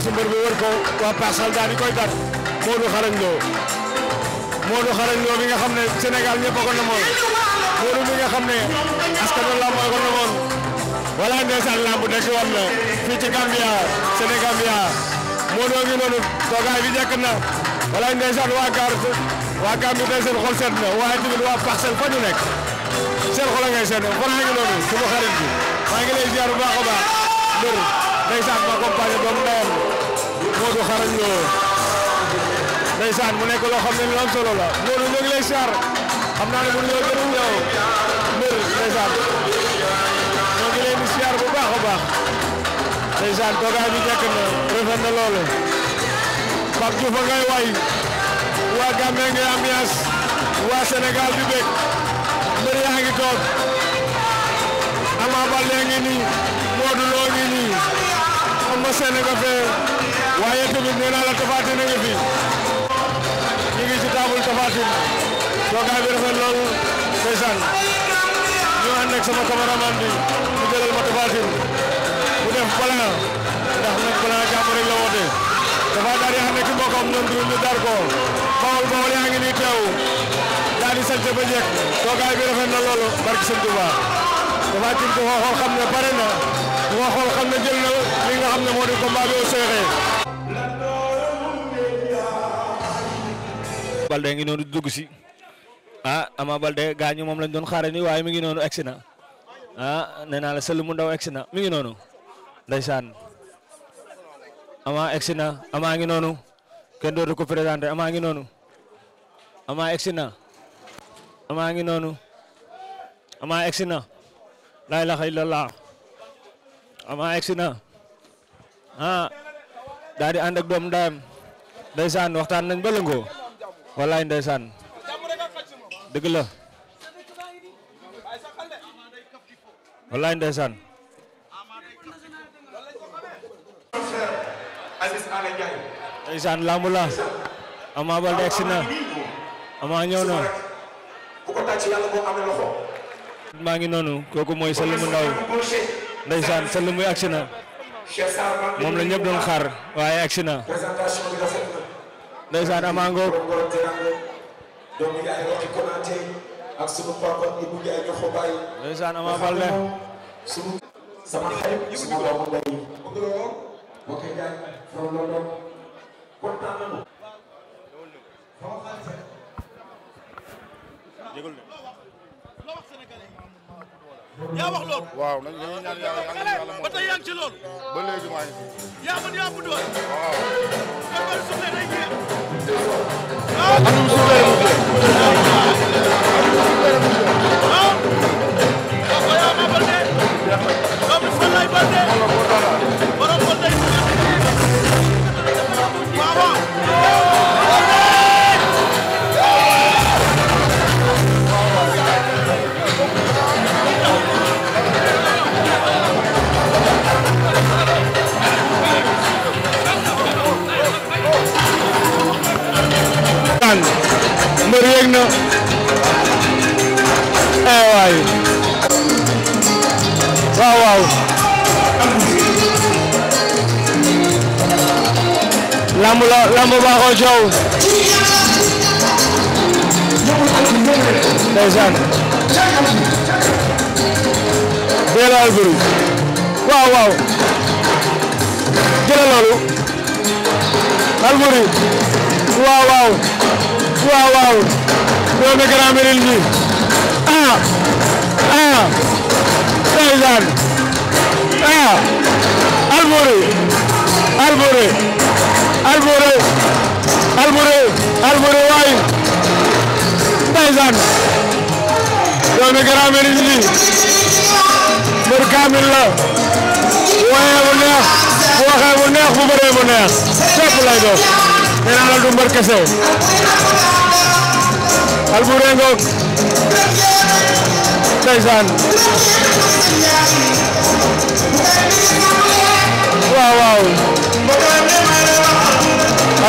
si mbër bi wër ko waa Parcelles daal koy dat Modou Xarañ Lo Modou Xarañ Lo mi nga xam ne Sénégal ñëpp a ko namoon Modou xam ne askan wi làmb a ko namoon voilà ndeysaan nekk woon na fii ci Gambia Sénégambia Modou ngi na voilà ndeysaan waa Gar waa Gambie tey xol seet na waaye tamit waa Parcelles fa ñu nekk seen xol a ngay seet na a ngi noonu suma xarit bi maa ngi lay baax a baax ndeysaan ma accompagné doomu ndeyam Modou xarañ loo ndeysaan mu nekk loo xam ne lu solo la Modou ñu ngi xam naa ne bu ñu jot yow mbir ndeysaan ñoo ngi baax a baax ndeysaan toogaay bi na rafet na loolu Pape way waa Gambie ngay ambiance waa Sénégal di bég mbir yaa toog Ama Baldé ngi nii Modou Lo ngi nii Eumeu Sène nga fee waaye tamit nee naa la Tapha Tine nga fi ñu ngi ci table Tapha Tine toogaay bi rafet lool ndeysaan ñu ànd ak sama cameraman bi mu jëlal ma Tapha Tine def plan ndax nag plan jàmm rek la woote dafa daal di ànd ak mbokkam ñoom du ñu dar ko bawol bawol yaa ngi nii teew daal di sant ba njëkk toogaay bi rafet na loolu barki sëñ Tuubaa Tapha Tine ko xool xam nga xool xam ne jël na li nga xam ne moo di combat bi au seexee. Balde ngi noonu dugg si ah Ama Balde gaañu moom lañ doon xaare ni waaye mi ngi noonu egg na ah nee la sël mu ndaw egg si na mi ngi noonu ndeysaan Ama egg si na Ama ngi noonu kenn dootu ko présenté Ama ngi noonu Ama na Ama ngi noonu Ama na illallah ama egsi na ah doom ndayam ndeysaan waxtaan nañ ba lëngoo wallaay ndeysaan dëgg la wallaay ndeysaan ndeysaan lamb la Ama Baldé maa ngi noonu kooku mooy Salimu ndeysaan sëll muy agsi na moom la ñëpp doon xaar waaye ak sunu papa Ibou yaa wax loolu. waaw nañu ñaan yàlla ñaan ba tey yaa ci loolu. ba léegi maa ngi ci. yaa man yaa bu doon. waaw. dafa suufee day jeex. waaw. lamb la lamb baaxoo coow ndeysaan Béla Alboury waaw waaw jëla loolu Alboury waaw waaw waaw waaw doomi Grand Médine bi ah ah ndeysaan ah Alboury Alboury Alboury Alboury Alboury waay ndeysaan doomi Grand Médine li mbër kaamil la bu wayee bu neex bu waxee bu neex bu bëree bu neex fépp lay doon nee naa la du mbër kese Alboury ngoog ndeysaan waaw waaw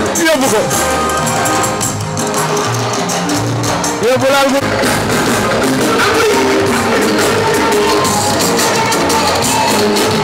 naan yóbbu ko yóbbu laal ko Thank you.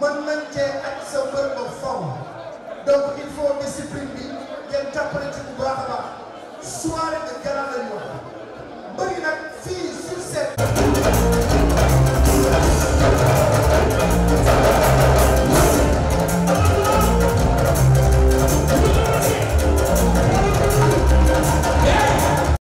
mën nañ cee ak sa mbër ba faw donc il bi ngeen jàppale ci bu baax a baax soirée de gala lañu